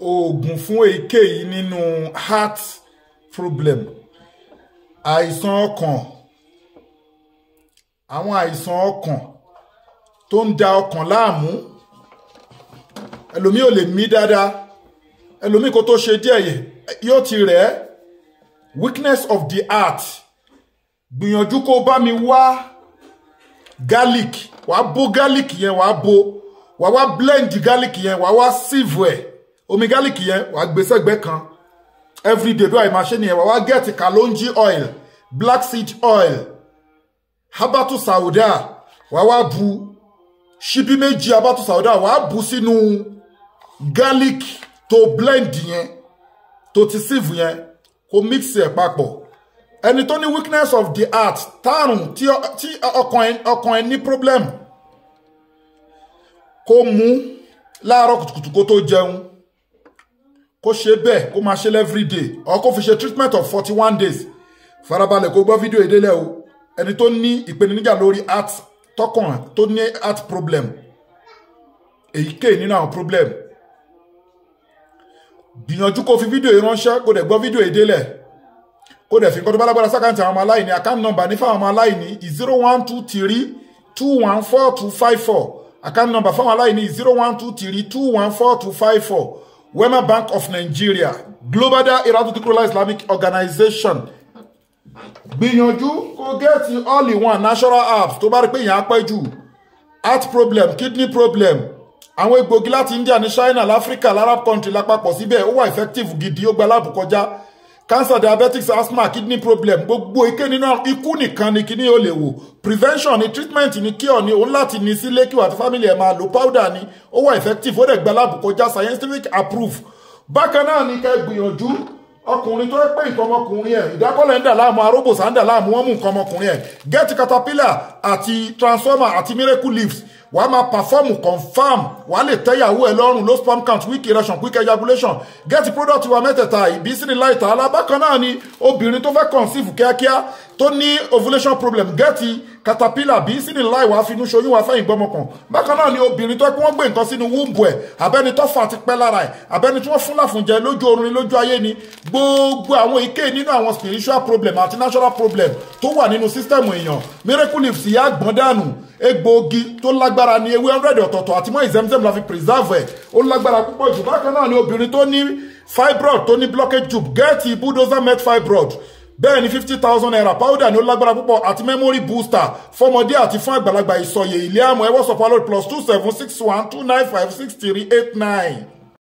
oògùn fún èyíkéyìí nínú heart problem àìsàn ọkàn àwọn àìsàn ọkàn tó ń da ọkàn láàmú ẹlòmíì ò lè mí dáadáa ẹlòmíì kó tó ṣe díẹ̀ yóò ti rẹ̀ ẹ́ weakness of the heart gbìyànjú kó bá mi wá garlic wàá bó garlic yẹn wàá bó wàá wá blend garlic yẹn wàá wá sieve ẹ̀ omi gálíkì yẹn wàá gbé sẹ́gbẹ́ kan everyday bí wàá máa ṣe nìyẹn wàá gẹ́ẹ̀tì kalonji oil black seed oil habatu sauda wàá wá bu ṣíbí méjì habatu sauda wàá bu sínú garlic tó blend yẹn tó ti sieve yẹn kó mix ẹ̀ papọ̀ ẹni tó ní weakness of the heart tààrùn tí ọkàn ẹ ní problem kó mú láàárọ̀ kùtùkùtù kó tó jẹun kó ṣe bẹ́ẹ̀ kó máa ṣe every day or kó fi ṣe treatment of forty one days farabalẹ̀ kó gbọ́ fídíò ìdílé o ẹni tó ní ìpèníjà lórí heart tọkàn tó ní heart problem èyíkéyìí nínú àwọn problem gbìyànjú kó fi fídíò yìí ránṣẹ́ kó dẹ̀ gbọ́ fídíò yìí délẹ̀ kó dẹ̀ fi nǹkan tó bá lágbára sákàǹtì àwọn ọmọ aláìní account number ní fáwọn ọmọ aláìní zero one two three two one four two five four account number fáwọn aláìní zero one two three two one four two five four Wema Bank of Nigeria Global Dahiratu Dhikrlahi Islamic Organization gbìyànjú kó gẹ́ẹ̀tì all in one natural herbs tó bá rí pé èèyàn á heart problem kidney problem àwọn egbògi láti India ní China láfíríkà lárab country lápapọ̀ síbẹ̀ ó wà effective gidi ó gba láàbù cancer diabetics asthma kidney problem gbogbo ike nínú ikú nìkan ni kíní ó lè wò prevention ni treatment ni cure ni òun láti ní sílé kí wà family ẹ̀ máa lo powder ni ó wà effective ó dẹ̀ gba láàbù kọjá scientific approve bákan náà ni ká gbìyànjú ọkùnrin tó ń pè nǹkan ọmọkùnrin ẹ̀ ìdákọ́lẹ̀ ń dà láàmú arógbòsà ń dà láàmú wọ́n mú nǹkan ọmọkùnrin ẹ̀ get caterpillar àti transformer àti miracle leaves wàá máa perform confam wàá lè tẹ́yàwó ẹ lọ́rùn low sperm count weak erection quick ejaculation get product wa mẹ́tẹ̀ẹ̀ta ìbísí ni láìta alábákan náà ni obìnrin tó fẹ́ conceive kíákíá tó ní ovulation problem gẹ́ẹ̀tì caterpillar bí sínú láì wá finú ṣoyún wá fẹ́yìn gbọ́mọkàn bákan náà ni obìnrin tó ẹ kí wọ́n gbé nǹkan sínú wúńbù ẹ̀ abẹ́ni tó fà ti pẹ́ lára ẹ̀ abẹ́ni tí wọ́n fún láfúnjẹ lójú oorun lójú ayé ni gbogbo àwọn èké nínú àwọn spiritual problem àti natural problem tó wà nínú sísítẹ́ẹ̀mù èèyàn miracle leaves ìyá àgbọ̀n dànù egbòogi tó lágbára ní ewé hundred ọ̀tọ̀ọ̀tọ̀ àti mọ́ ìzẹ́mzẹ́m la fi preserve ẹ̀ ó lágbára púpọ̀ jù bákan náà ni obìnrin tó ní fibroid tó ní blockage tube gẹ́ẹ̀tì bulldozer met fibroid bẹ́ẹ̀ ni fifty thousand naira powder ni ó lágbára púpọ̀ àti memory booster fọmọdé àti fún àgbàlagbà ìsọyè ilé àmọ́ ẹwọ́sọ̀ palo plus two seven six one two nine five six three eight nine.